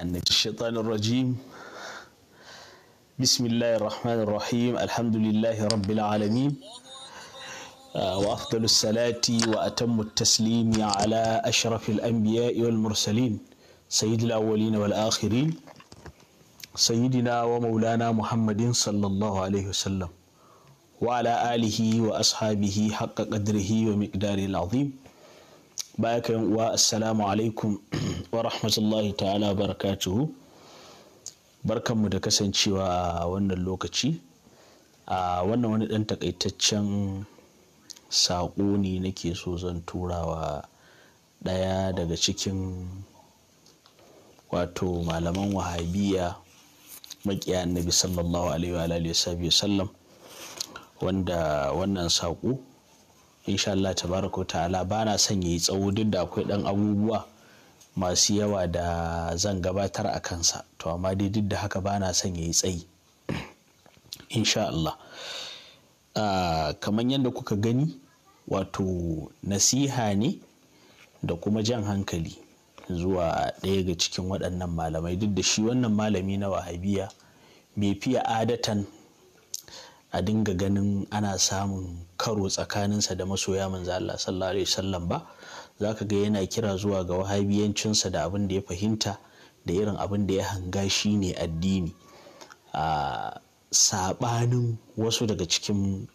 يعني الشيطان الرجيم بسم الله الرحمن الرحيم الحمد لله رب العالمين آه، وأفضل الصلاة وأتم التسليم على أشرف الأنبياء والمرسلين سيد الأولين والآخرين سيدنا ومولانا محمد صلى الله عليه وسلم وعلى آله وأصحابه حق قدره ومقداره العظيم baya ka uwa assalamu alaikum wa rahmatullahi ta'ala barakatuhu barkanmu da kasancewa a wannan lokaci a wannan wani dan takaitaccen saƙo ne nake so zan turawa ɗaya daga cikin wato malaman wahabiya maƙiya annabi sallallahu alaihi wa sallam wanda wannan saƙo insha Allah tabaraka ta'ala ba na son yi tsawo duk da akwai ɗan abubuwa masu yawa da zan gabatar a kansa to amma dai duk da haka ba na son yi tsayi insha Allah ah, kamar yadda kuka gani wato nasiha ne da kuma jan hankali zuwa ɗaya ga cikin waɗannan malamai duk da shi wannan malami na wahabiya mai fiye adatan a dinga ganin ana samun karo tsakaninsa da masoya manzo Allah sallallahu alaihi wasallam ba zaka ga yana kira zuwa ga wahabiyancinsa da abin da ya fahimta da irin abin da ya hanga shi ne addini a saɓanin wasu daga cikin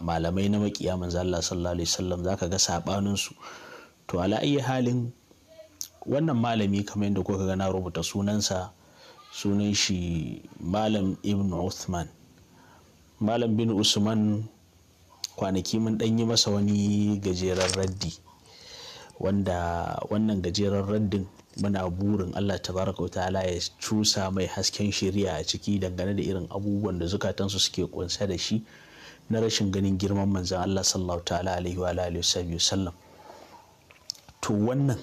malamai na makiya manzo Allah sallallahu alaihi wasallam zaka ga sabanin su to ala halin wannan malami kamar yadda kuka ga na rubuta sunansa sunan shi malam ibn Uthman malam bin usman kwanaki mun ɗan yi masa wani gajeren raddi wanda wannan gajeren raddin muna burin allah tabaraka wa ta'ala ya cusa mai hasken shari'a a ciki dangane da irin abubuwan da zukatansu suke kunsa da shi na rashin ganin girman manzan allah sallallahu ta'ala alaihi wa alihi sallam to wannan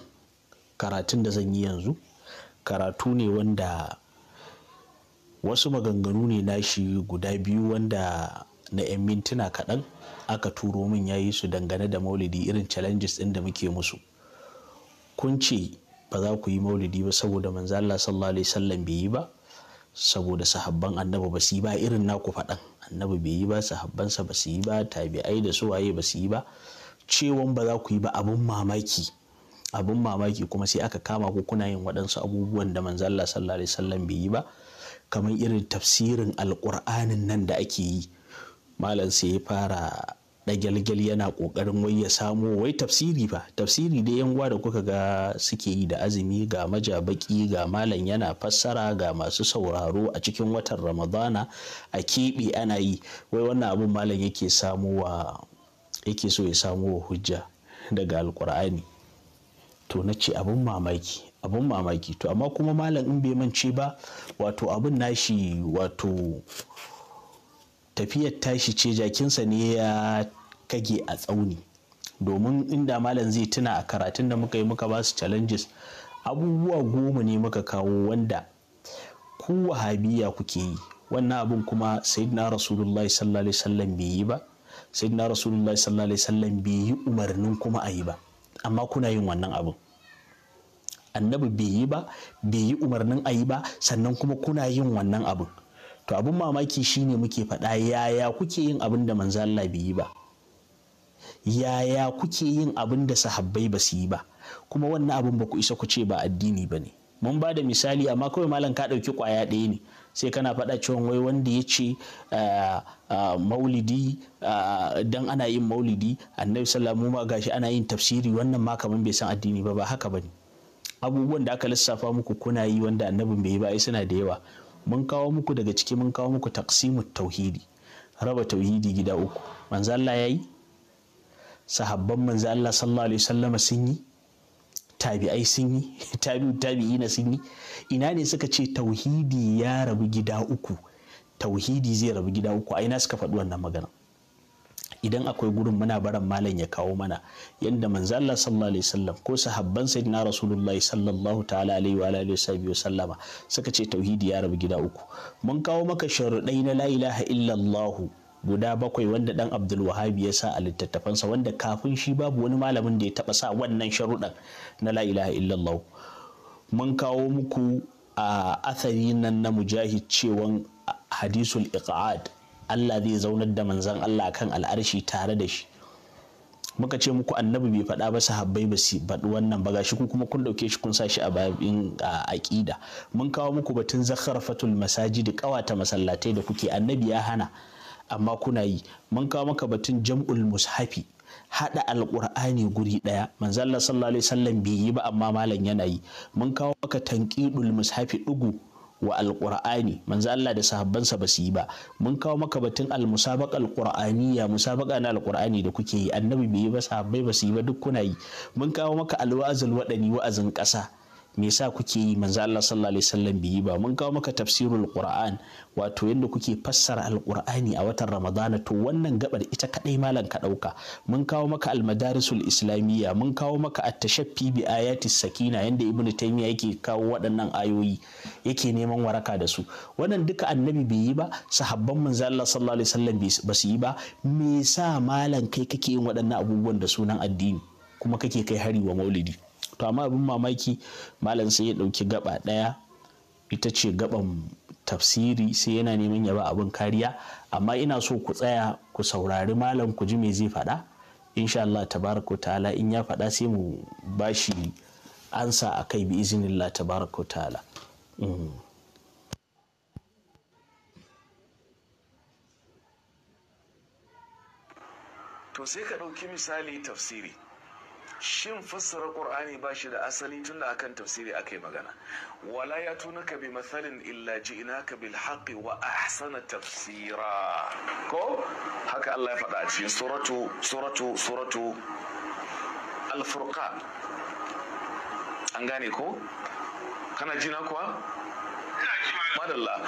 karatun da zan yi yanzu karatu ne wanda wasu maganganu ne nashi guda biyu wanda na 'yan mintuna kaɗan aka turo min ya yi su dangane da maulidi irin challenges ɗin da muke musu kun ce ba za ku yi maulidi ba saboda manzo Allah sallallahu alaihi wasallam bai yi ba saboda sahabban annabi ba su yi ba irin naku faɗan annabi bai yi ba sahabbansa ba su yi ba tabi'ai da su waye ba su yi ba cewan ba za ku yi ba abun mamaki abun mamaki kuma sai aka kama ku kuna yin waɗansu abubuwan da manzo Allah sallallahu alaihi wasallam bai yi ba kamar irin tafsirin alƙur'anin nan da ake yi malam sai ya fara ɗagyalgyal yana ƙoƙarin wai ya samo wai tafsiri ba tafsiri da yan da kuka ga suke yi da azumi ga majabaki ga malam yana fassara ga masu sauraro a cikin watan ramadana a keɓe ana yi wai wannan abin malam yake wa yake so ya samo wa hujja daga alkur'ani to na ce abin mamaki abin mamaki to amma kuma malam in bai mance ba wato abin nashi wato tafiyar tashi ce jakinsa ne ya kage a tsauni domin inda malam zai tuna a karatun da muka yi muka ba su challenges abubuwa goma ne muka kawo wanda ku wahabiya kuke yi wannan abin kuma sayyidina rasulullahi sallallahu alaihi wasallam bai yi ba sayyidina rasulullahi sallallahu alaihi wasallam bai yi umarnin kuma a yi ba amma kuna yin wannan abin annabi bai yi ba bai yi umarnin a yi ba sannan kuma kuna yin wannan abin to abin mamaki shine muke faɗa yaya kuke yin abin da manzo Allah bai yi ba yaya kuke yin abin da sahabbai ba su yi ba kuma wannan abin ba ku isa ku ce ba addini ba ne mun ba da misali amma kawai malam ka ɗauki ƙwaya ɗaya ne sai kana faɗa cewa wai wanda ya ce ah, ah, maulidi ah, dan ana yin maulidi annabi sallallahu alaihi wasallam ma gashi ana yin tafsiri wannan ma kaman bai san addini ba ba haka bane abubuwan da aka lissafa muku kuna yi wanda annabin bai yi ba ai suna da yawa mun kawo muku daga ciki mun kawo muku taqsimut tauhidi raba tauhidi gida uku manzo Allah yayi sahabban manzo Allah sallallahu alaihi wasallama sun yi tabi'ai sun yi tabi'u na sun yi ina ne suka ce tauhidi ya rabu gida uku tauhidi zai rabu gida uku a ina suka faɗi wannan magana idan akwai gurin muna baran malam ya kawo mana yadda manzo Allah sallallahu alaihi wasallam ko sahabban sayyidina rasulullahi sallallahu ta'ala alaihi wa alihi suka ce tauhidi ya rabu gida uku mun kawo maka sharuɗai na la ilaha illallah guda bakwai wanda dan Abdul Wahhab ya sa a littattafansa wanda kafin shi babu wani malamin da ya taba sa wannan sharuɗan na la ilaha illallah mun kawo muku a athari nan na mujahid cewan hadisul iqad Allah zai zaunar da manzon Allah kan al'arshi tare da shi muka ce muku annabi bai faɗa ba sahabbai ba su faɗi wannan ba gashi ku kuma kun ɗauke shi kun sa shi a babin aƙida mun kawo muku batun zakharfatul masajid ƙawata masallatai da kuke annabi ya hana amma kuna yi mun kawo maka batun jam'ul mushafi haɗa alƙur'ani guri ɗaya Allah sallallahu alaihi wasallam bai yi ba amma malam yana yi mun kawo maka tanqidul mushafi ɗugu wa alqur'ani manzo Allah da sahabbansa ba su yi ba mun kawo maka batun almusabaqa alqur'aniyya musabaqa na alqur'ani da kuke yi annabi bai yi ba sahabbai ba su yi ba duk kuna yi mun kawo maka alwa'azul wadani wa'azin ƙasa me yasa kuke yi manzo Allah sallallahu alaihi wasallam bi ba mun kawo maka tafsirul qur'an wato yadda kuke fassara alqur'ani a watan ramadana to wannan gabar ita kadai malam ka dauka mun kawo maka almadarisul islamiyya mun kawo maka at-tashaffi bi ayati sakina yanda ibnu taymiya yake kawo waɗannan ayoyi yake neman waraka da su wannan duka annabi bai yi ba sahabban manzo Allah sallallahu alaihi wasallam ba su yi ba me yasa malam kai kake yin waɗannan abubuwan da sunan addini kuma kake kai hari wa maulidi to amma abin mamaki malam sai ya ɗauki gaba ɗaya ita ce gaban tafsiri sai yana neman ya ba abin kariya amma ina so ku tsaya ku saurari malam ku ji me zai faɗa insha Allah tabaraka ta'ala in ya faɗa sai mu bashi ansa a kai bi izinillah tabaraka ta'ala mm. to sai ka ɗauki misali tafsiri shin fassara qur'ani ba shi da asali tun da akan tafsiri akai magana wala ya tuna ka bi masalin illa ka bil haqqi wa ahsana tafsira ko haka Allah ya faɗa a cikin suratu suratu suratu al an gane ko kana jina kuwa madalla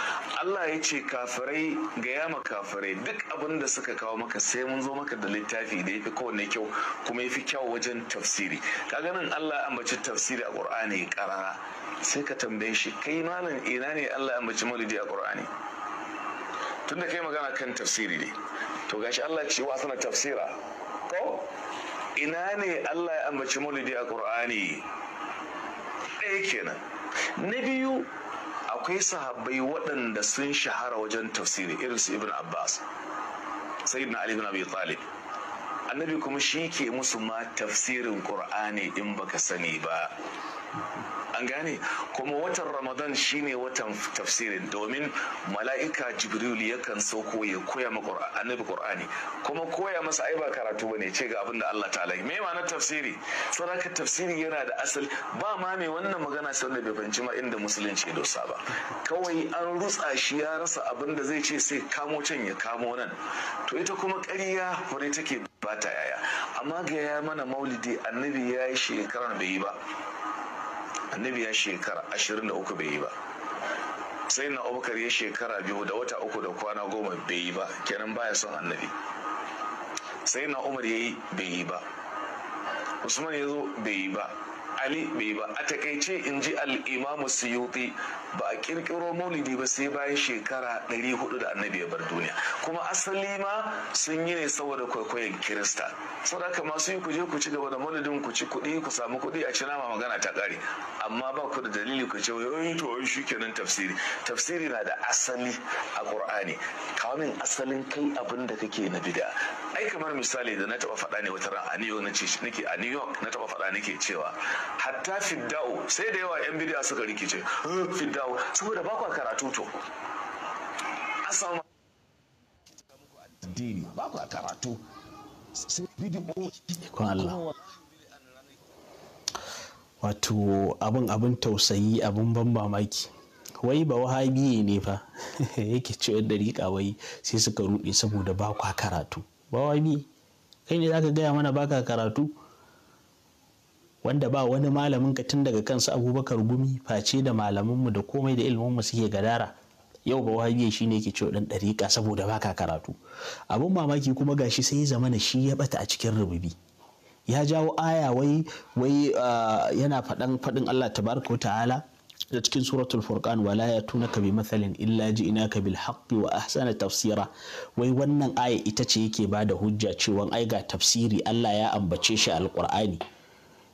Allah ya ce kafirai gaya ma kafirai duk abin da suka kawo maka sai mun zo maka da littafi da yafi kowanne kyau kuma yafi kyau wajen tafsiri ka ganin Allah ambaci tafsiri a Qur'ani karara sai ka tambaye shi kai malam ina ne Allah ambaci maulidi a Qur'ani da kai magana kan tafsiri ne to gashi Allah ce wa sana tafsira ko ina ne Allah ya ambaci maulidi a Qur'ani ɗaya kenan na biyu akwai sahabbai waɗanda sun shahara wajen tafsiri irin su ibn abbas sai na ibn abi talib annabi kuma shi ke musu ma tafsirin ƙur'ani in baka sani ba an gane kuma watan ramadan shine watan tafsirin domin mala'ika jibril yakan sauko ya koya ma annabi qur'ani kuma koya masa ai ba karatu bane ce ga abinda Allah ta alai mai ma'ana tafsiri saraka tafsiri yana da asali ba ma mai wannan magana sai wanda bai fahimci ma inda musulunci ya dosa ba kawai an rutsa shi ya rasa abinda zai ce sai kamo can ya kamo nan to ita kuma ƙarya fure take bata yaya amma ga ya mana maulidi annabi ya yi shekarar bai yi ba annabi ya shekara ashirin da uku bai yi ba sai na abubakar ya shekara biyu da wata uku da kwana goma bai yi ba kenan baya son annabi sai na umar ya yi bai yi ba usman ya zo bai yi ba ali bai ba a takaice in ji al'imamu suyuti ba a kirkiro maulidi ba sai bayan shekara 400 da annabi ya bar duniya kuma asali ma sun yi ne saboda kwaikwayon kirista saboda masu yi kuje ku ci gaba da maulidin ku ci kuɗi ku samu kuɗi a ci nama magana ta ƙare amma ba ku da dalili ku ce wai to wai kenan tafsiri tafsiri na da asali a kawo min asalin kai abin da kake na bid'a ai kamar misali da na taba faɗa ne wata ran a New York nace nake a New York na taba faɗa nake cewa hatta fiddao sai da yawa yan bidiya suka rikice eh, fidda'u saboda ba kwa karatu to asama addini ba kwa karatu sai bidiyo Allah wato abin abin tausayi abin ban mamaki wai ba wahabiye ne fa yake cewa dariƙa wai sai suka ruɗe saboda ba kwa karatu Bawabi kai ne zaka gaya mana baka karatu wanda ba wani malamin ka tun daga kansu abubakar gumi face da mu da komai da ilminmu suke gadara yau ba wahabiya shi ne ke cewa ɗan ɗariƙa saboda baka karatu abun mamaki kuma gashi sai ya zamana shi ya bata a cikin rububi ya jawo aya wai wai ah, yana faɗan faɗin Allah tabaraka wa ta'ala da cikin suratul furqan wala yatunaka bi mathalin illa ji'naka bil haqqi wa ahsana tafsira wai wannan aya ita ce yake bada hujja cewa ai ga tafsiri Allah ya ambace shi alqur'ani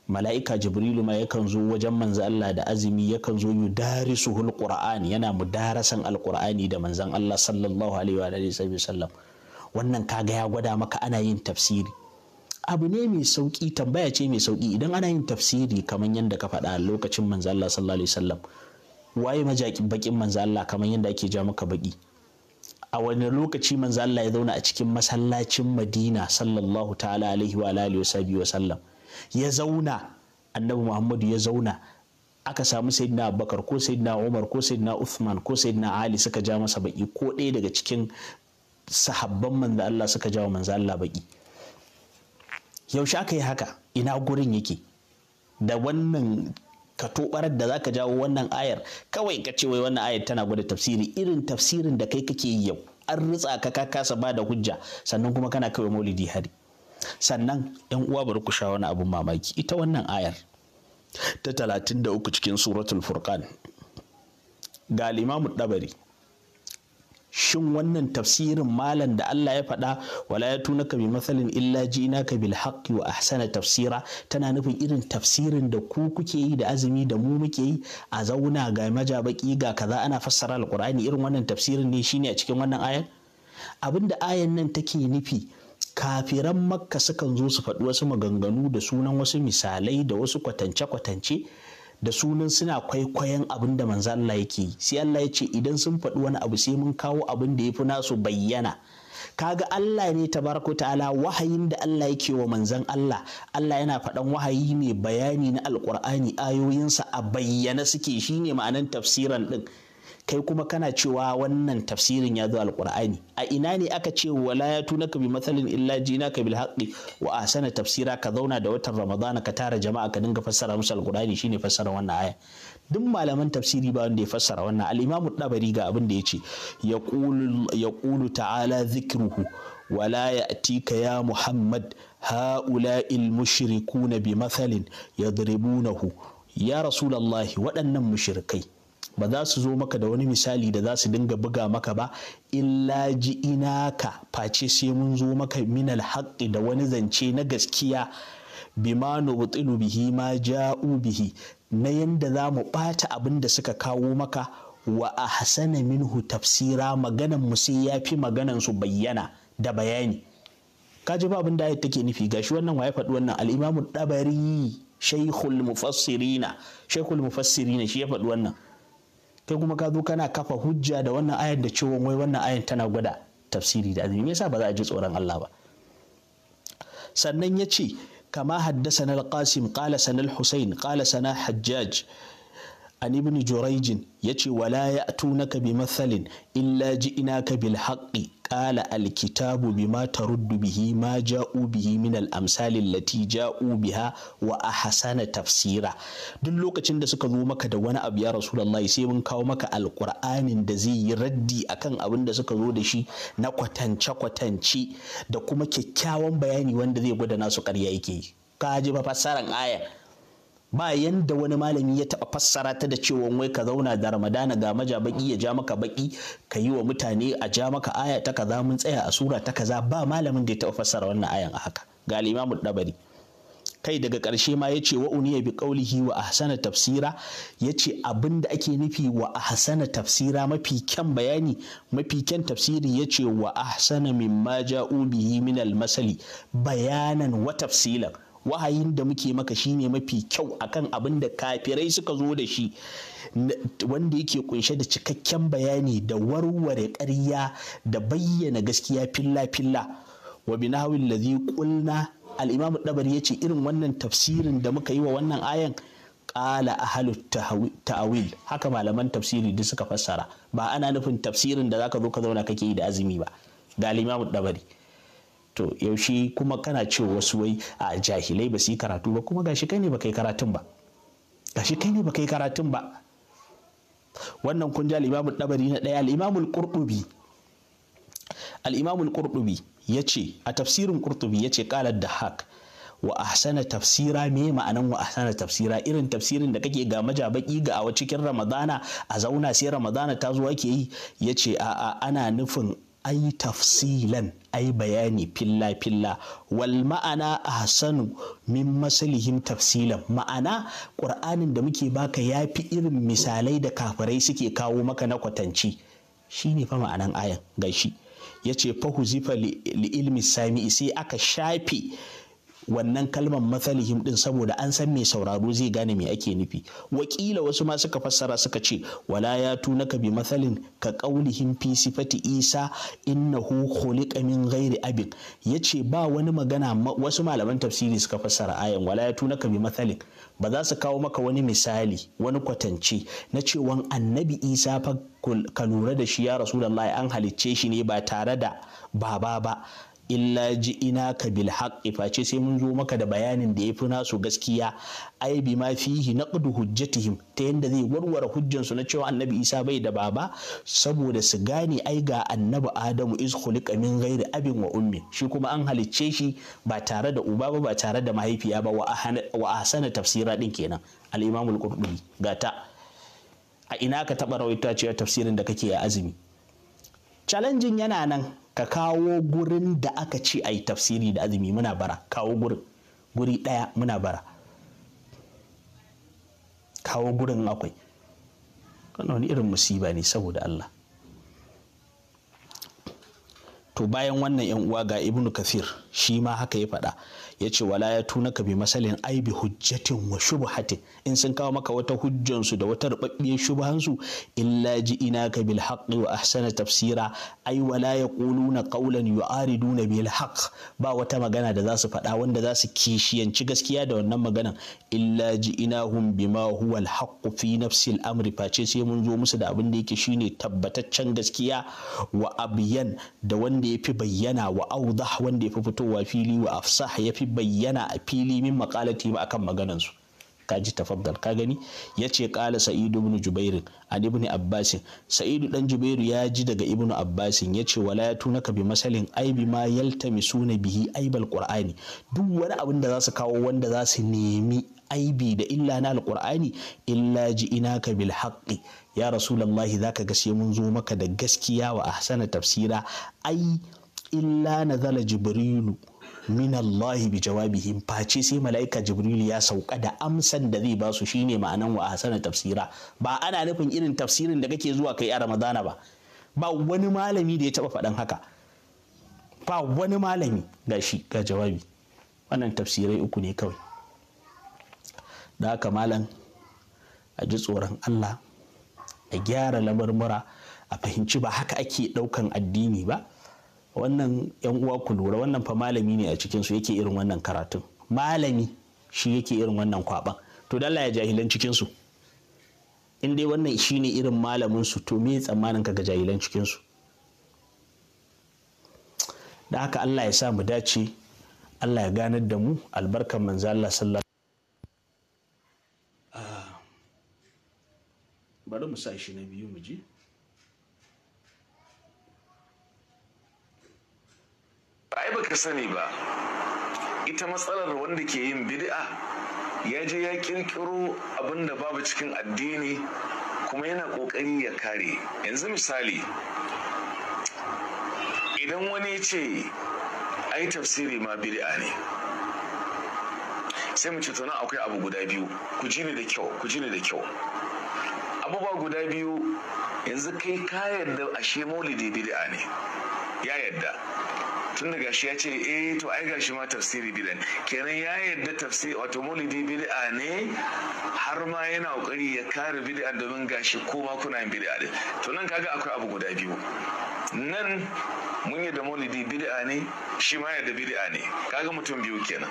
mala'ika jibrilu ma yakan zo wajen manzo Allah da azumi yakan zo yudarisuhul qur'ani yana mudarasan alqur'ani da manzon Allah sallallahu alaihi wa wasallam wannan kaga ya gwada maka ana yin tafsiri abu ne mai sauƙi tambaya ce mai sauki idan ana yin tafsiri kamar yadda ka faɗa lokacin manzo Allah sallallahu alaihi wasallam waye majaki bakin manzo Allah kamar yadda ake ja maka baki a wani lokaci manzo Allah ya zauna a cikin masallacin Madina sallallahu ta'ala alaihi wa alihi wa sallam ya zauna annabi Muhammadu ya zauna aka samu sayyidina Abubakar ko sayyidina Umar ko sayyidina Uthman ko sayyidina Ali suka ja masa baki ko ɗaya daga cikin sahabban manzo Allah suka ja wa manzo Allah baki yaushe aka yi haka ina gurin yake da wannan ka tobarar da zaka jawo wannan ayar kawai ka ce wai wannan ayar tana gwada tafsiri irin tafsirin da kai kake yi yau an ritsa ka ka kasa ba da hujja sannan kuma kana kawai maulidi hari sannan yan uwa bari ku sha wani abun mamaki ita wannan ayar ta 33 cikin suratul furqan ga Limamu ɗabari. dabari shin wannan tafsirin malam da Allah ya faɗa wala ya tuna ka bi masalin illa jina ka bil haqqi wa ahsana tafsira tana nufin irin tafsirin da ku kuke yi da azumi da mu muke yi a zauna ga majabaki ga kaza ana fassara alqur'ani irin wannan tafsirin ne shine a cikin wannan ayan abinda ayan nan take nufi kafiran makka sukan zo su faɗi wasu maganganu da sunan wasu misalai da wasu kwatance-kwatance da sunan suna kwaikwayon abin da manzo Allah yake yi sai Allah ya ce idan sun faɗi wani abu sai mun kawo abin da yafi nasu bayyana kaga Allah ne tabaraka ta'ala wahayin da Allah yake wa manzon Allah Allah yana faɗan wahayi mai bayani na alkur'ani ayoyinsa a bayyana suke shine ma'anan tafsiran din kai kuma kana cewa wannan tafsirin ya zo alqur'ani a ina ne aka ce wala ya tunaka bi masalin illa ka bil haqqi wa ahsana tafsira ka zauna da watan ramadana ka tara jama'a ka dinga fassara musu alqur'ani shine fassara wannan aya duk malaman tafsiri ba wanda ya fassara wannan al-imamu dabari ga abin da yace yaqulu yaqulu ta'ala dhikruhu ولا muhammad يا محمد هؤلاء المشركون بمثل يضربونه ya rasulallah waɗannan mushirikai ba za su zo maka da wani misali da za su dinga buga maka ba illa ji inaka face sai mun zo maka minal haƙƙi da wani zance na gaskiya bima nubtilu bihi ma ja'u bihi na yanda za mu ɓata abin da suka kawo maka wa a hasana minhu tafsira maganan mu sai ya fi maganan su bayyana da bayani ka ji ba abin da take nufi gashi wannan wa ya faɗi wannan al'imamu dabari mufassirina shaikhul mufassirina shi ya faɗi wannan kai kuma ka zo kana kafa hujja da wannan ayan da cewa wai wannan ayan tana gwada tafsiri da azumi me yasa ba za a ji tsoron Allah ba sannan ya ce kama haddasa al-qasim qala sanar husain qala sana hajjaj an ibn jurayj ce wala ya'tunaka bi mathalin illa ka bil haqqi qala alkitabu bima taruddu bihi ma ja'u bihi min al-amsal allati ja'u biha wa ahsana tafsira duk lokacin da suka zo maka da wani abu ya rasulullahi sai mun kawo maka alqur'anin da zai yi raddi akan abin da suka zo da shi na kwatance kwatance da kuma kyakkyawan bayani wanda zai gwada nasu ƙarya yake ka ji ba fassaran aya ba yanda wani malami ya taɓa fassara ta da cewa wai ka zauna da ramadana ga maja baki ya ja maka baki ka yi wa mutane a ja maka aya ta kaza mun tsaya a sura ta kaza ba malamin da ya taɓa fassara wannan ayan a haka ga al ɗabari kai daga ƙarshe ma yace wa uniya bi qaulihi wa ahsana tafsira yace abin da ake nufi wa ahsana tafsira mafi kyan bayani mafi kyan tafsiri yace wa ahsana mimma ja'u bihi min al-masali bayanan wa tafsilan wahayin da muke maka shine mafi kyau a kan abin da kafirai suka zo da shi wanda yake kunshe da cikakken bayani da warware ƙarya da bayyana gaskiya filla-filla wa binawin lazi kulna al'imamu ɗabar ya ce irin wannan tafsirin da muka yi wa wannan ayan ƙala ahalu ta'awil haka malaman tafsiri duk suka fassara ba ana nufin tafsirin da zaka zo ka zauna kake yi da azumi ba ga al'imamu ɗabari to yaushe kuma kana ce wasu wai a jahilai ba su yi karatu ba kuma gashi kai ne ba kai karatun ba gashi kai ne ba kai karatun ba wannan kun ji al'imamu ɗabari na ɗaya al'imamul ƙurɗubi al'imamul ƙurɗubi ya ce a tafsirin ƙurɗubi ya ce ƙalar da hak wa ahsana tafsira me ma'anan wa ahsana tafsira irin tafsirin da kake ga majabaki ga awa cikin ramadana a zauna sai ramadana ta zuwa ke yi ya ce a'a ana nufin ai tafsilan ai bayani filla filla wal ma'ana ahsanu min masalihim tafsilan ma'ana qur'anin da muke baka yafi irin misalai da kafirai suke kawo maka na kwatanci shine fa ma'anan ayan gashi yace fa huzifa li ilmi sami'i sai aka shafe wannan kalmar matsalihim din saboda an san mai sauraro zai gane me ake nufi wakila wasu ma suka fassara suka ce wala ya tuna ka bi matsalin ka qaulihim fi sifati isa innahu khuliqa min ghairi abin yace ba wani magana wasu malaman tafsiri suka fassara ayan wala ya tuna ka bi matsalin ba za su kawo maka wani misali wani kwatance na cewan annabi isa fa ka lura da shi ya rasulullahi an halicce shi ne ba tare da baba ba illa ji ina ka bil haqqi face sai mun zo maka da bayanin da yafi nasu gaskiya ai bi ma fihi naqdu hujjatihim ta yanda zai warware hujjan su na cewa annabi Isa bai da baba saboda su gane ai ga annabi Adamu iz khuliqa min ghairi abin wa ummi shi kuma an halicce shi ba tare da uba ba ba tare da mahaifiya ba wa ahsana tafsira din kenan al-Imam al-Qurtubi gata a ina ka taba rawaita cewa tafsirin da kake a azumi challenging yana nan ka kawo gurin da aka ce a tafsiri da azumi muna bara kawo gurin guri ɗaya muna bara kawo gurin akwai wannan wani irin musiba ne saboda Allah to bayan wannan yan uwa ga ibnu kafir shi ma haka ya faɗa ya ce wala ya tuna ka bi masalin ai bi hujjatin wa shubhatin in sun kawo maka wata hujjansu da wata rubabbiyar shubhansu illa ji ina ka bil haqqi wa ahsana tafsira ai wala ya quluna qawlan yu'ariduna bil haqq ba wata magana da za su faɗa wanda za su kishiyanci gaskiya da wannan maganan illa ji ina hum bima huwa al haqq fi nafsi al amri face sai mun zo musu da abin da yake shine tabbataccen gaskiya wa abyan da wanda ya fi bayyana wa audah wanda ya fi fitowa fili wa afsah ya fi bayyana a fili min makalati ma akan maganansu kaji tafaddal ka gani ya ce kala sa'idu ibn jubairin an ibn abbasin sa'idu dan jubairu ya ji daga ibn abbasin ya ce wala ya tunaka bi masalin aibi ma yaltami suna bihi aibal qur'ani duk wani abin da za su kawo wanda za su nemi aibi da illa na alqur'ani illa ji inaka bil haqqi ya rasulallahi zaka ga sai mun zo maka da gaskiya wa ahsana tafsira ai illa na nazala jibrilu min Allahi bi jawabihim face sai mala'ika Jibrilu ya sauka da amsan da zai basu shine ma'anan wa hasana tafsira ba ana nufin irin tafsirin da kake zuwa kai a Ramadana ba ba wani malami da ya taba faɗan haka ba wani malami ga shi ga jawabi wannan tafsirai uku ne kawai da haka malam a ji tsoron Allah a gyara lamarmura a fahimci ba haka ake ɗaukan addini ba wannan yan uwa ku lura wannan fa malami ne a cikin su yake irin wannan karatun malami shi yake irin wannan kwaban to dalla ya jahilan cikin su in dai wannan shine irin malamin su to me tsammanin ka ga jahilan cikin su da haka Allah ya sa mu dace Allah ya ganar da mu albarkan manzo Allah sallallahu bari mu sa shi na biyu mu ji ai baka sani ba ita matsalar wanda ke yin bid'a ya je ya kirkiro abin da babu cikin addini kuma yana kokari ya kare yanzu misali idan wani ce ai tafsiri ma bid'a ne sai mu ce akwai abu guda biyu ku ji ni da kyau ku ji ni da kyau abubuwa guda biyu yanzu kai ka yadda ashe maulidi bid'a ne ya yadda tun da gashi ya ce e to ai gashi ma tafsiri bid'a kenan ya yadda tafsiri wato maulidi bid'a ne har ma yana kokari ya kare bid'a domin gashi ko ma kuna yin bid'a din to nan kaga akwai abu guda biyu nan mun yi da maulidi bid'a ne shi ma da bid'a ne kaga mutum biyu kenan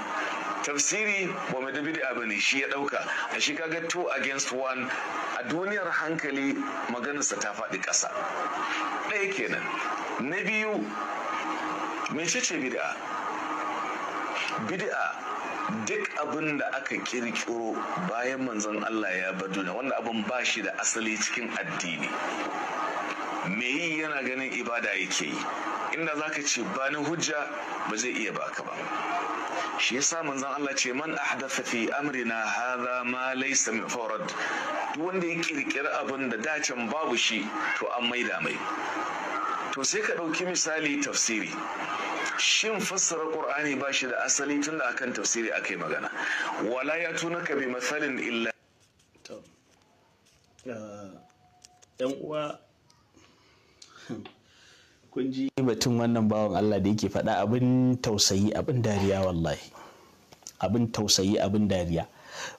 tafsiri ba mai da bid'a bane shi ya dauka a shi kaga two against one a duniyar hankali maganarsa ta faɗi ƙasa ɗaya kenan na biyu mecece bid'a bid'a duk abin da aka kirkiro bayan manzon Allah ya bar duniya wanda abin ba shi da asali cikin addini me yi yana ganin ibada yake yi inda za ka ce bani hujja ba zai iya baka ba shi yasa manzon Allah ce man ahdatha fi amrina hadha ma laysa min farad duk wanda ya kirkira abin da dacen babu shi to an maida mai to sai ka ɗauki misali tafsiri shin fassara qur'ani ba shi da asali tunda akan tafsiri akai magana wala ya tuna ka bi masalin illa to uh, uwa kun ji batun wannan bawan Allah da yake faɗa abin tausayi abin dariya wallahi abin tausayi abin dariya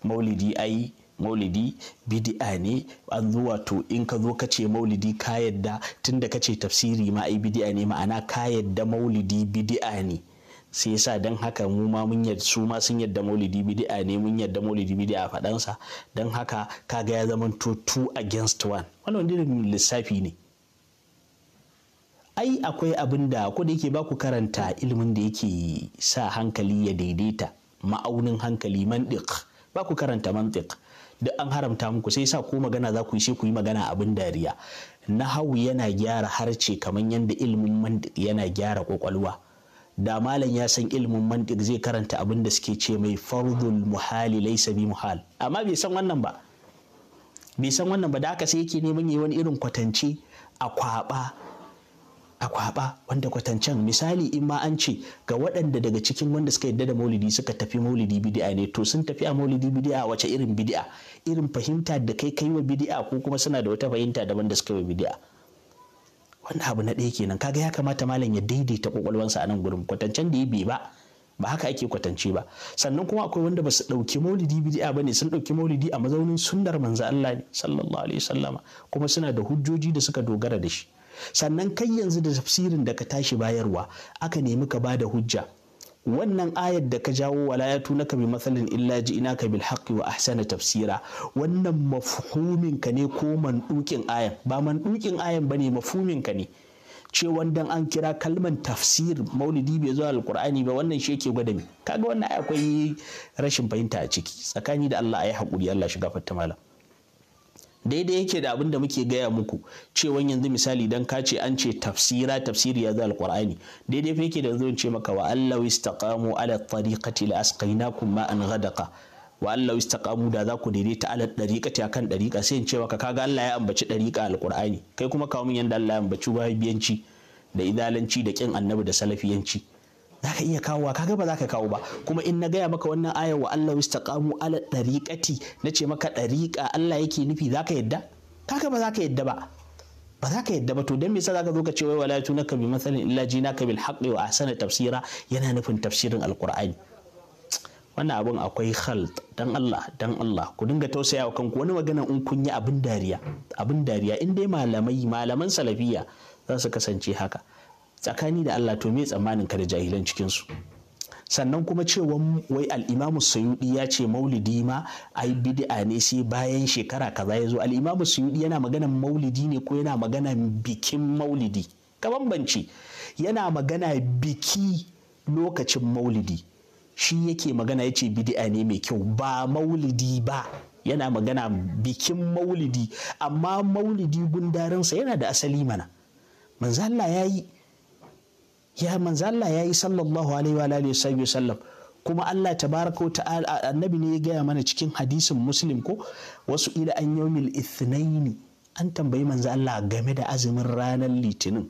maulidi ai maulidi bidi'a ne an zuwa to in ka zo ka ce maulidi ka yadda tunda ka ce tafsiri ma ai bidi'a ne ma'ana ka yadda maulidi bidi'a ne sai yasa don haka mu ma mun yadda su ma sun yadda maulidi bid'a ne mun yadda maulidi bid'a faɗansa don haka kaga ya zama to two against one wannan wani lissafi ne ai akwai abin da ko da yake ba ku karanta ilimin da yake sa hankali ya daidaita ma'aunin hankali mantiq ba ku karanta mantiq duk an haramta muku sai sa ko magana za ku yi sai ku yi magana abin dariya hau yana gyara harce kamar yadda ilimin mantiq yana gyara kwakwalwa da malam ya san ilimin mantiq zai karanta abin da suke ce mai fardul muhali laysa bi muhal amma bai san wannan ba bai san wannan ba da haka sai yake neman yi wani irin kwatance a kwaba a kwaba wanda kwatancen misali in ma an ce ga waɗanda daga cikin wanda suka yadda da maulidi suka tafi maulidi bidi'a ne to sun tafi a maulidi bidi'a wace irin bidi'a irin fahimta da kai kai wa bidi'a ko kuma suna da wata fahimta daban da suka yi wa bidi'a wannan abu na ɗaya kenan kaga ya kamata malam ya daidaita kwakwalwansa a nan gurin kwatancen da ya bi ba ba haka ake kwatance ba sannan kuma akwai wanda basu su ɗauki maulidi bid'a ba ne sun ɗauki maulidi a mazaunin sunnar manzo Allah ne sallallahu alaihi wasallama kuma suna da hujjoji da suka dogara da shi sannan kai yanzu da tafsirin da ka tashi bayarwa aka nemi ka bada hujja wannan ayar da ka jawo walayatu ka bi matsalin illa ji ina ka bil haqqi wa ahsana tafsira wannan mafhumin ka ne ko mandukin ayar. ba mandukin ayan bane mafhumin ka ne ce dan an kira kalman tafsir maulidi bai zuwa alƙurani ba wannan shi yake gwada me kaga wannan akwai rashin fahimta a ciki tsakani da Allah ayi hakuri Allah shiga fatta malam daidai yake da abin da muke gaya muku cewan yanzu misali dan ka ce an ce tafsira tafsiri ya zai alqur'ani daidai fa yake da zo ce maka wa ista istaqamu ala tariqati la asqainakum ma'an ghadaqa wa ista istaqamu da za ku daidaita ala tariqati akan dariqa sai in ce maka kaga Allah ya ambaci dariqa alkur'ani kai kuma kawo min yanda Allah ya ambaci wahabiyanci da idalanci da kin annabi da salafiyanci za ka iya kawowa ga ba za ka kawo ba kuma in na gaya maka wannan ayar wa Allah kamu ala na ce maka ɗariƙa Allah yake nufi za ka yadda ka ga ba za ka yadda ba ba za ka yadda ba to don me yasa ka zo ka ce wai wala ka bi masalin illa na bil haqqi wa ahsana tafsira yana nufin tafsirin alqur'ani wannan abun akwai khalt dan Allah dan Allah ku dinga tausaya wa kanku wani magana in kun yi abin dariya abin dariya in dai malamai malaman salafiya za su kasance haka tsakani da Allah to me tsammanin ka da jahilan cikin su sannan kuma cewa wai al'imamu sayudi ya ce maulidi ma ai bidi'a ne sai bayan shekara kaza ya zo al'imamu sayudi yana magana maulidi ne ko yana maganan bikin maulidi ka bambanci yana magana biki lokacin maulidi shi yake magana yace ce bid'a ne mai kyau ba maulidi ba yana magana bikin maulidi amma maulidi gundarinsa yana da asali mana manzo Allah ya yi ya manzo Allah yi sallallahu alaihi wa alihi wa sallam kuma Allah tabaraka ta'ala annabi ne ya gaya mana cikin hadisin muslim ko wasu ila an yawmil ithnaini an tambayi manzo Allah game da azumin ranar litinin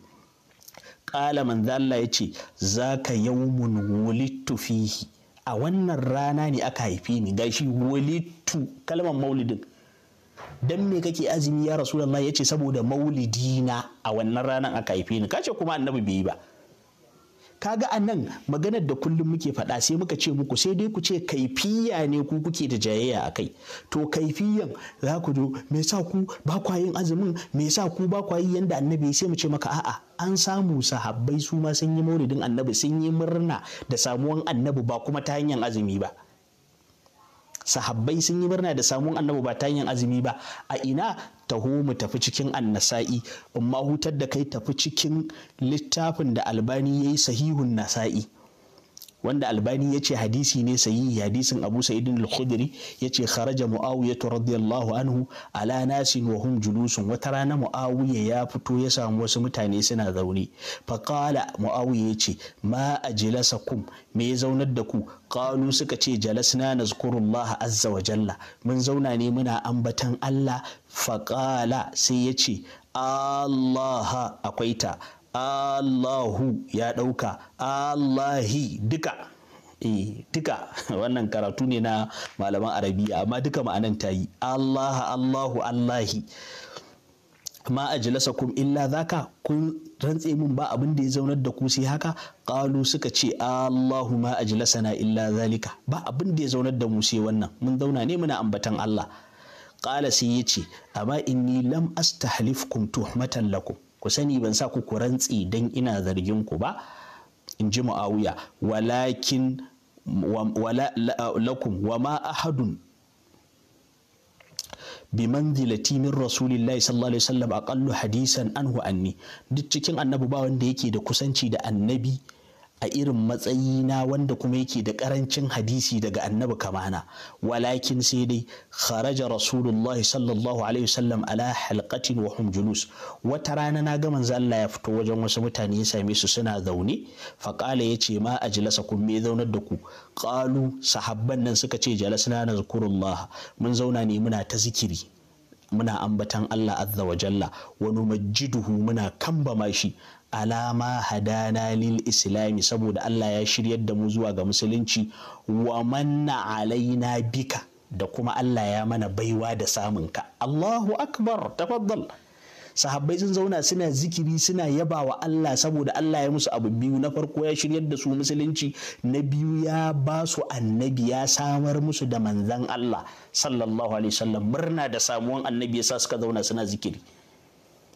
Ƙala manzo Allah ya ce zaka yawmun wulittu fihi a wannan rana ne aka haife ni gashi wulittu kalmar maulidin dan me kake azumi ya rasu rasulullahi ya ce saboda maulidina a wannan ranar aka haife ni kace kuma annabi bai yi ba kaga a nan maganar da kullum muke faɗa sai muka ce muku sai dai ku ce kaifiya ne ku kuke da jayayya a kai to kaifiyan za ku zo me sa ku ba kwa yin azumin me sa ku ba kwa yi yanda annabi sai mu ce maka a'a an samu sahabbai su ma sun yi mauridin annabi sun yi murna da samuwan annabi ba kuma ta hanyar azumi ba sahabbai sun yi murna da samun annabi ba ta yin azumi ba a ina taho mu tafi cikin annasa'i in ma hutar da kai tafi cikin littafin da albani ya yi sahihun nasa'i wanda albani ya ce hadisi ne sayi hadisin abu sa'idin al-khudri ya ce kharaja muawiya radiyallahu anhu ala nasin wa hum julusun wata rana mu'awiya ya fito ya samu wasu mutane suna zaune faƙala mu'awiya ya ce ma ajlasakum me ya zaunar da ku qalu suka ce jalasna nazkurullah azza wa jalla mun zauna ne muna ambatan Allah faƙala sai ya ce Allah akwai ta Allahu ya ɗauka Allahi duka eh, duka wannan karatu ne na malaman arabiya amma duka ma'anan ta yi Allah Allahu Allahi ma ajlasakum illa zaka kun rantse min ba abin da ya zaunar da ku sai haka qalu suka ce Allahu ma ajlasana illa zalika ba abin da ya zaunar da mu sai wannan mun zauna ne muna ambatan Allah qala sai yace amma inni lam astahlifkum tuhmatan lakum ku sani ban sa ku ku rantsi dan ina zargin ku ba in ji walakin lakum wa ma ahadun bi manzilati min rasulillahi sallallahu alaihi wasallam aqallu hadisan anhu anni duk cikin annabi ba wanda yake da kusanci da annabi a irin matsayi na wanda kuma yake da karancin hadisi daga annabi kamana walakin sai dai kharaja rasulullah sallallahu alaihi wasallam ala halqatin wa hum julus wata rana na ga manzo Allah ya fito wajen wasu mutane ya same su suna zaune fa qala yace ma ajlasa kun me zaunar da ku qalu sahabban nan suka ce jalasna nazkurullah mun zauna ne muna ta zikiri muna ambatan Allah azza wa jalla wa numajjiduhu muna kambama shi alama hadana lil islami saboda Allah ya shiryar da mu zuwa ga musulunci wa manna alaina bika da kuma Allah ya mana baiwa da samun ka Allahu akbar tafaddal sahabbai sun zauna suna zikiri suna yaba wa Allah saboda Allah ya musu abu biyu na farko ya shiryar da su musulunci na biyu ya ba su annabi ya samar musu da manzan Allah sallallahu alaihi wasallam murna da samuwan annabi yasa suka zauna suna zikiri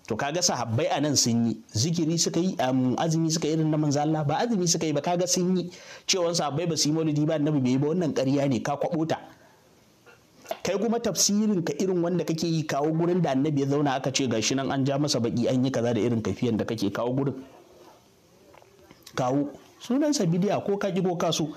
to kaga sahabbai a nan sun yi zikiri suka yi azumi suka irin na manzo Allah ba azumi suka yi ba kaga sun yi cewa sahabbai ba su yi maulidi ba annabi bai yi ba wannan ƙarya ne ka kwabo ta kai kuma tafsirin ka irin wanda kake yi kawo gurin da annabi ya zauna aka ce gashi nan an ja masa baki an yi kaza da irin kafiyan da kake kawo gurin kawo Sunan bidiya ko ka ko ka so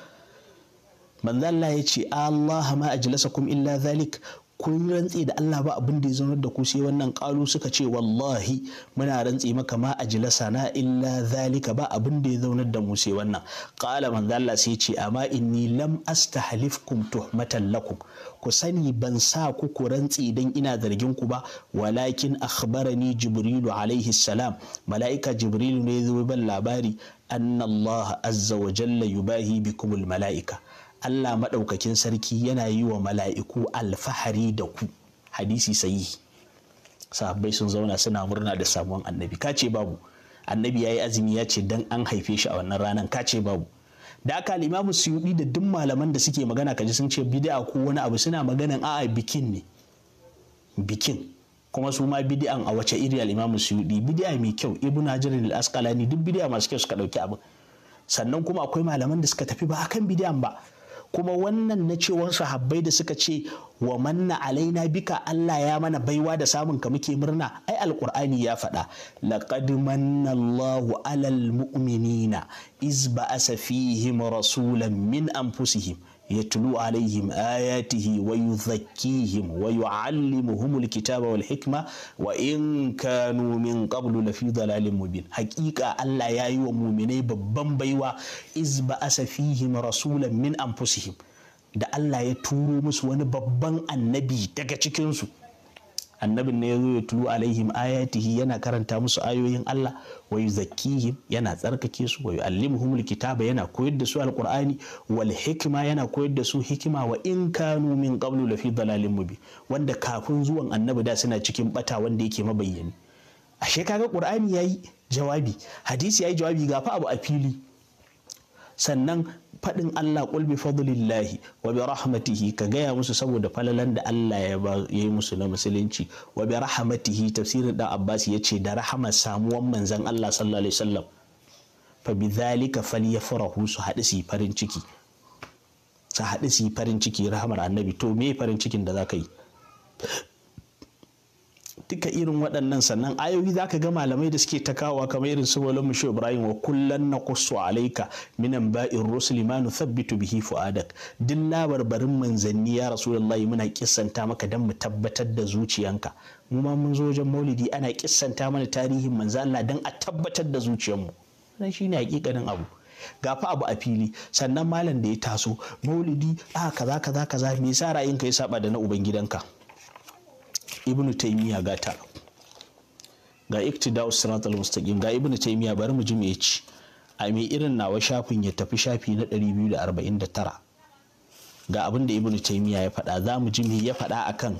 manzo Allah ya ce Allahumma ajlasakum illa zalik kun rantse da Allah ba abin da ya zaunar da ku sai wannan kalu suka ce wallahi muna rantse maka ma a ajlasa na illa zalika ba abin da ya zaunar da mu sai wannan qala manzo Allah sai ce amma inni lam astahlifkum tuhmatan lakum ku sani ban sa ku ku rantse idan ina zargin ku ba walakin akhbarani jibrilu alaihi salam mala'ika jibrilu ne ya zo labari anna Allah azza wa jalla yubahi bikumul mala'ika Allah maɗaukakin sarki yana yi wa mala'iku alfahari da ku hadisi sayi sahabbai sun zauna suna murna da samuwan annabi ka ce babu annabi ya yi azumi ya ce dan an haife shi a wannan ranar ka ce babu da aka limamu suyuɗi da duk malaman da suke magana kaji sun ce bid'a ko wani abu suna maganan a'a bikin ne bikin kuma su ma bid'an a wace iri al-imamu suyudi bid'a mai kyau ibn hajar al-asqalani duk bid'a masu kyau suka ɗauki abin sannan kuma akwai malaman da suka tafi ba kan bid'an ba kuma wannan na cewan sahabbai da suka ce wa manna alaina bika Allah ya mana baiwa da samun ka muke murna ai alqur'ani ya faɗa laqad manna Allahu alal mu'minina iz ba'asa fihim rasulan min anfusihim ya tulu alaihim ayatihi wa yuzakkihim wa yuallimuhumul kitaba wal hikma wa in kanu min qablu lafi dalalin mubin haqiqa Allah ya yi wa muminai babban baiwa iz ba'asa fihim rasulan min anfusihim da Allah ya turo musu wani babban annabi daga cikinsu annabin ne ya zo ya tulu alaihim ayatihi yana karanta musu ayoyin Allah wa yuzakkihim yana tsarkake su wa yuallimuhumul kitaba yana koyar da su alqur'ani wal hikma yana koyar da su hikima wa in kanu min qablu lafi dalalin mubi wanda kafin zuwan annabi da suna cikin bata wanda yake mabayyani ashe kaga qur'ani yayi jawabi hadisi yayi jawabi ga fa abu a fili sannan faɗin Allah qul bi fadlillahi wa bi rahmatihi ka gaya musu saboda falalan da Allah ya yi musu na musulunci wa bi rahmatihi tafsirin da Abbas ya ce da rahama samuwan manzan Allah sallallahu alaihi wasallam fa bi falyafrahu su haɗu farin ciki su haɗu su farin ciki rahamar annabi to me farin cikin da za ka yi duka irin waɗannan sannan ayoyi za ka ga malamai da suke ta kawo kamar irin su Maulana Mushe Ibrahim wa kullan naqussu alaika minan ba'in rusuli ma nuthabbitu bihi fuadak duk labarbarin manzanni ya rasu rasulullahi muna kissanta maka dan mu tabbatar da zuciyanka mu ma mun zo wajen maulidi ana kissanta mana tarihin manza Allah dan a tabbatar da zuciyarmu wannan shine hakikanin abu gafa abu a fili sannan malam da ya taso maulidi a kaza kaza kaza me yasa ra'ayinka ya saba da na ubangidanka gidanka ibnu taimiya gata ga iktida'u siratal mustaqim ga ibnu taimiya bari mu ji me ci a mai irin nawa shafin ya tafi shafi na 249 ga abin da ibnu taimiya ya faɗa za mu ji me ya faɗa akan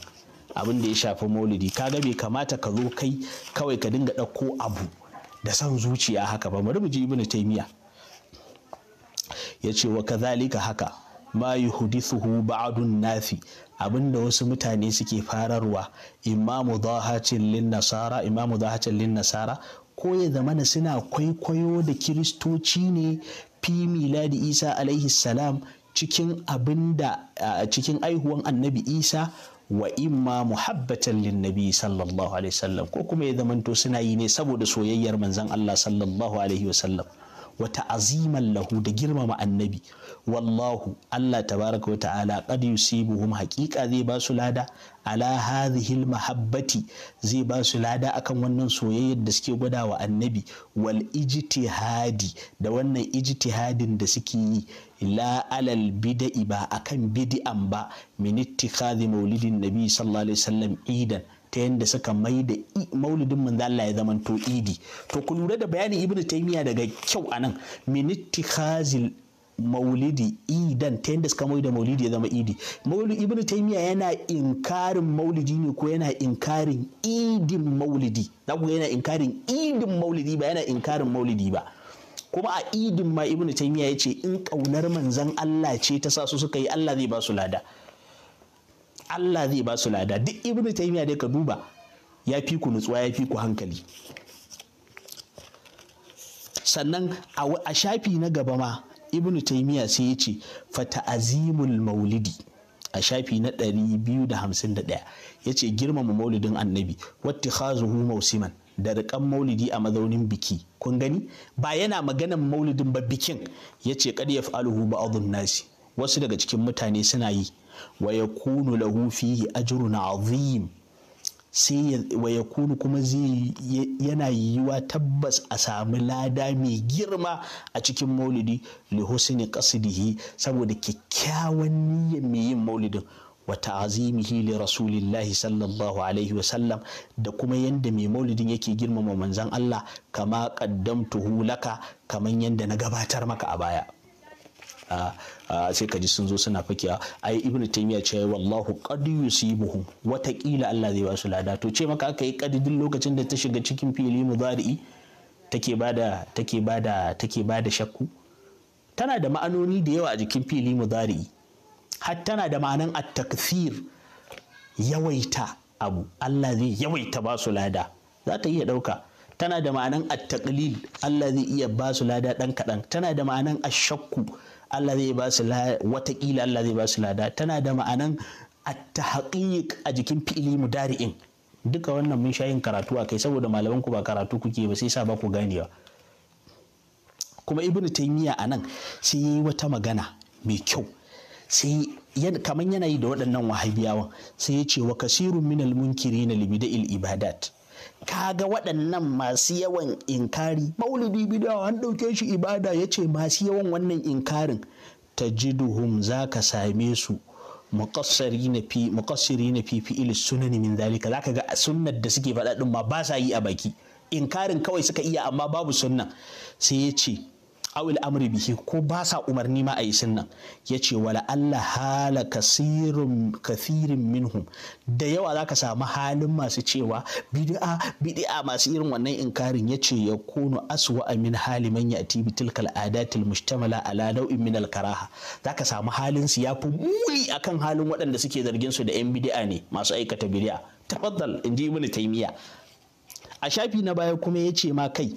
abin da ya shafi maulidi kaga bai kamata ka zo kai kawai ka dinga ɗauko abu da san zuciya haka ba mu ji ibnu taimiya ya ce wa kazalika haka ma yuhdithuhu ba'dun nafi abinda wasu mutane suke fararwa imamu dhahacin lin nasara imamu dhahacin lin nasara ko ya zama na suna kwaikwayo da kiristoci ne fi miladi isa alaihi salam cikin abinda cikin aihuwan annabi isa wa imma muhabbatan linnabi sallallahu alaihi wasallam ko kuma ya zamanto suna yi ne saboda soyayyar manzon Allah sallallahu alaihi wasallam wata aziman lahu da girmama annabi wallahu Allah tabaraka wa ta'ala qad yusibuhum haqiqa zai ba su lada ala hadhihi mahabbati zai ba su lada akan wannan soyayyar da suke gwada wa annabi wal ijtihadi da wannan ijtihadin da suke yi la alal bida'i ba akan bid'an ba min ittikhadhi maulidin nabi sallallahu alaihi wasallam idan ta yadda suka mai da maulidin manzo Allah ya zama to idi to ku lura da bayanin ibnu taymiya daga kyau anan min ittikhazil maulidi idan ta yadda suka mai da maulidi ya zama idi maulu ibnu taymiya yana inkarin maulidi ne ko yana inkarin idin maulidi za ku yana inkarin idin maulidi ba yana inkarin maulidi ba kuma a idin ma ibnu taymiya yace in kaunar manzon Allah ce ta sa su suka yi Allah zai ba su lada Allah zai ba su lada duk ibnu taymiya dai ka duba ya fi ku nutsuwa ya fi ku hankali sannan a shafi na gaba ma ibnu taymiya sai ya ce fata azimul maulidi a shafi na ɗaya. ya ce girmama maulidin annabi wattikhazuhu mausiman da rikan maulidi a mazaunin biki kun gani ba yana maganan maulidin ba bikin ya ce kad yaf'aluhu ba'dhun nasi wasu daga cikin mutane suna yi wa kunu lahu fihi ajrun azim sai wa yakunu kuma zai yana yiwuwa tabbas a sami lada mai girma a cikin maulidi li husni qasdihi saboda kyakkyawan niyyar mai yin maulidin wa ta'azimihi li rasulillahi sallallahu alaihi wa sallam da kuma yanda mai maulidin yake girmama manzon Allah kama qaddamtuhu laka kaman yanda na gabatar maka a baya sai ka ji sun zo suna fakiya ai ibnu taymiya ce wallahu qad yusibuhum watakila Allah zai ba su lada to ce maka aka yi kadidin lokacin da ta shiga cikin fili mudari take bada take bada take bada shakku tana da ma'anoni da yawa a jikin fili mudari har tana da ma'anan at-takthir yawaita abu Allah zai yawaita ba su lada za ta iya ɗauka tana da ma'anan at-taqlil Allah zai iya ba su lada ɗan kaɗan tana da ma'anan ashakku Allah zai ba su watakila Allah zai ba su lada tana da ma'anan ta tahqiq a jikin fi'ili mudari'in duka wannan mun sha yin karatu a kai saboda malaman ku ba karatu kuke ba sai sa ba ku ganewa kuma ibn taymiya a nan sai yi wata magana mai kyau sai kamar yana yi da waɗannan wahabiyawan sai ya ce wa kasirun minal munkiri na libida'il ibadat kaga waɗannan masu yawan inkari maulidi bidawa an ɗauke shi ibada ya ce masu yawan wannan inkarin ta jiduhum za ka same su muƙassiri na fifi ili sunani min zalika za ka ga sunnar da suke faɗaɗin ma ba sa yi a baki inkarin kawai suka iya amma babu sunnan sai ya ce awil amri bihi ko ba sa umarni ma a yi sunnan ya ce wala Allah hala kasirin kafirin minhum da yawa za ka samu halin masu cewa bid'a bid'a masu irin wannan inkarin ya ce ya kunu aswa min hali man ya'ti bi tilkal adatil mushtamala ala nau'in min za ka samu halin su ya fi muli akan halin waɗanda suke zargin su da yan bid'a ne masu aikata bid'a tafaddal inji mini taymiya a shafi na baya kuma ya ce ma kai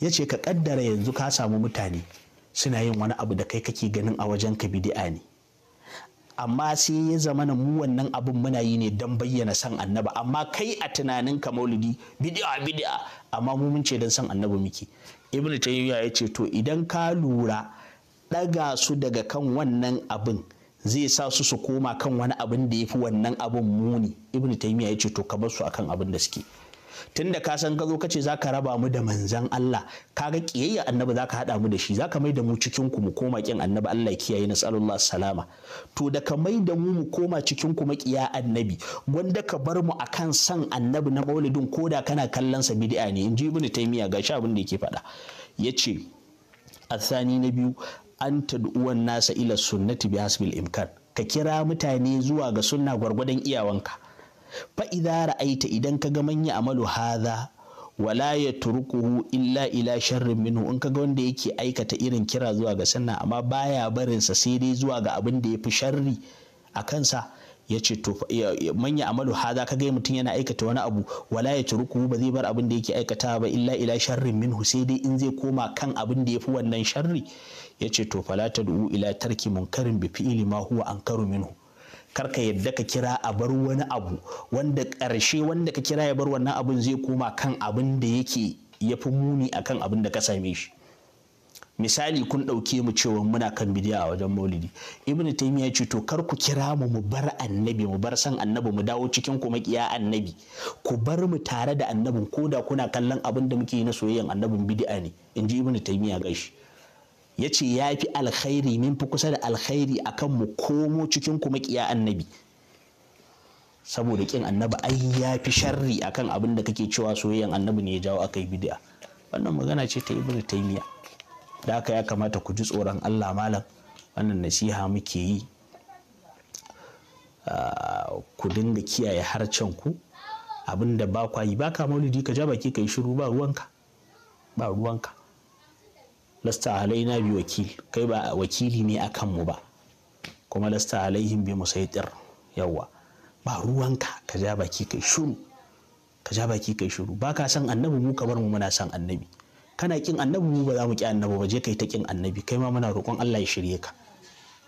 ya ce ka kaddara yanzu ka samu mutane suna yin wani abu da kai kake ganin a wajen ka bidi'a ne amma sai ya zama na mu wannan abin muna yi ne don bayyana san annaba amma kai a tunanin ka maulidi bidi'a bidi'a amma mu mun ce don san annaba muke ibnu tayyiba ya ce to idan ka lura ɗaga su daga kan wannan abin zai sa su su koma kan wani abin da ya fi wannan abin muni ibnu tayyiba ya ce to ka bar su akan abin da suke tunda ka san ka zo ka ce zaka raba mu da manzan Allah ka kaga kiyayya annabi zaka hada mu da shi zaka mai da mu cikin ku mu koma kin annabi Allah kiyaye alaihi salama to da ka mai da mu mu koma cikin ku makiya annabi gwanda ka bar mu akan san annabi na maulidin koda kana kallon sa bid'a ne inji ibnu taymiya ga sha abin da yake faɗa yace asani na biyu an tad'uwan nasa ila sunnati bi hasbil imkan ka kira mutane zuwa ga sunna gwargwadon iyawanka fa ra'aita idan ka ga ya amalu haza wala ya turkuhu illa ila sharrin minhu in ka ga wanda yake aikata irin kira zuwa ga sannan amma baya barinsa sai dai zuwa ga abin da ya fi sharri a kansa ya ce to manya amalu haza kaga mutum yana aikata wani abu wala ya turkuhu ba zai bar abin da yake aikata ba illa ila sharrin minhu sai dai in zai koma kan abin da ya fi wannan sharri ya ce to fala du'u ila tarki munkarin bi fi'ili ma huwa ankaru minhu karka yadda ka kira a bar wani abu wanda ƙarshe wanda ka kira ya bar wannan abin zai koma kan abin da yake ya fi muni a kan abin da ka same shi misali kun ɗauke mu cewa muna kan bidiya a wajen maulidi ibn taymiya ya ce to kar ku kira mu mu bar annabi mu bar san annabi mu dawo cikin ku makiya annabi ku bar mu tare da annabin ko da kuna kallon abin da muke yi na soyayyan annabin bidi'a ne in ji ibn taymiya gashi ya ce ya fi alkhairi min fi kusa da alkhairi akan mu komo cikin kuma kiya annabi saboda kin annabi ai ya fi sharri a kan abin da kake cewa soyayyan annabi ne ya jawo aka yi bidiya wannan magana ce ta ibnu taimiya da haka ya kamata ku ji tsoron Allah malam wannan nasiha muke yi ah, ku dinga kiyaye harcen ku abin da ba kwa yi ba ka maulidi ka ja baki ka yi shiru ba ruwanka ba ruwanka lasta alaina bi wakil kai ba wakili ne akan mu ba kuma lasta alaihim bi musaitir yawa ba ruwanka ka ja baki kai shuru ka ja baki kai shuru ba ka san annabi mu kamar mu muna san annabi kana kin annabi mu ba za mu ki annabi ba je kai ta kin annabi kai ma muna roƙon Allah ya shirye ka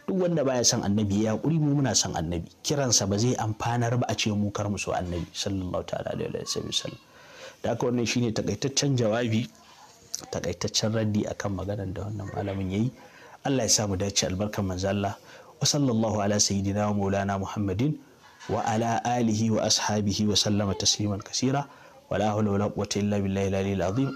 duk wanda baya son annabi ya hakuri mu muna son annabi kiransa ba zai amfanar ba a ce mu kar mu so annabi sallallahu ta'ala alaihi wasallam da haka wannan shine takaitaccen jawabi takaitaccen raddi akan maganar da wannan malamin yayi Allah ya sa mu dace albarkar manzo Allah wa sallallahu ala sayyidina wa maulana Muhammadin wa ala alihi wa ashabihi wa sallama tasliman kasira wala hawla wala quwwata illa billahi al-aliyyil azim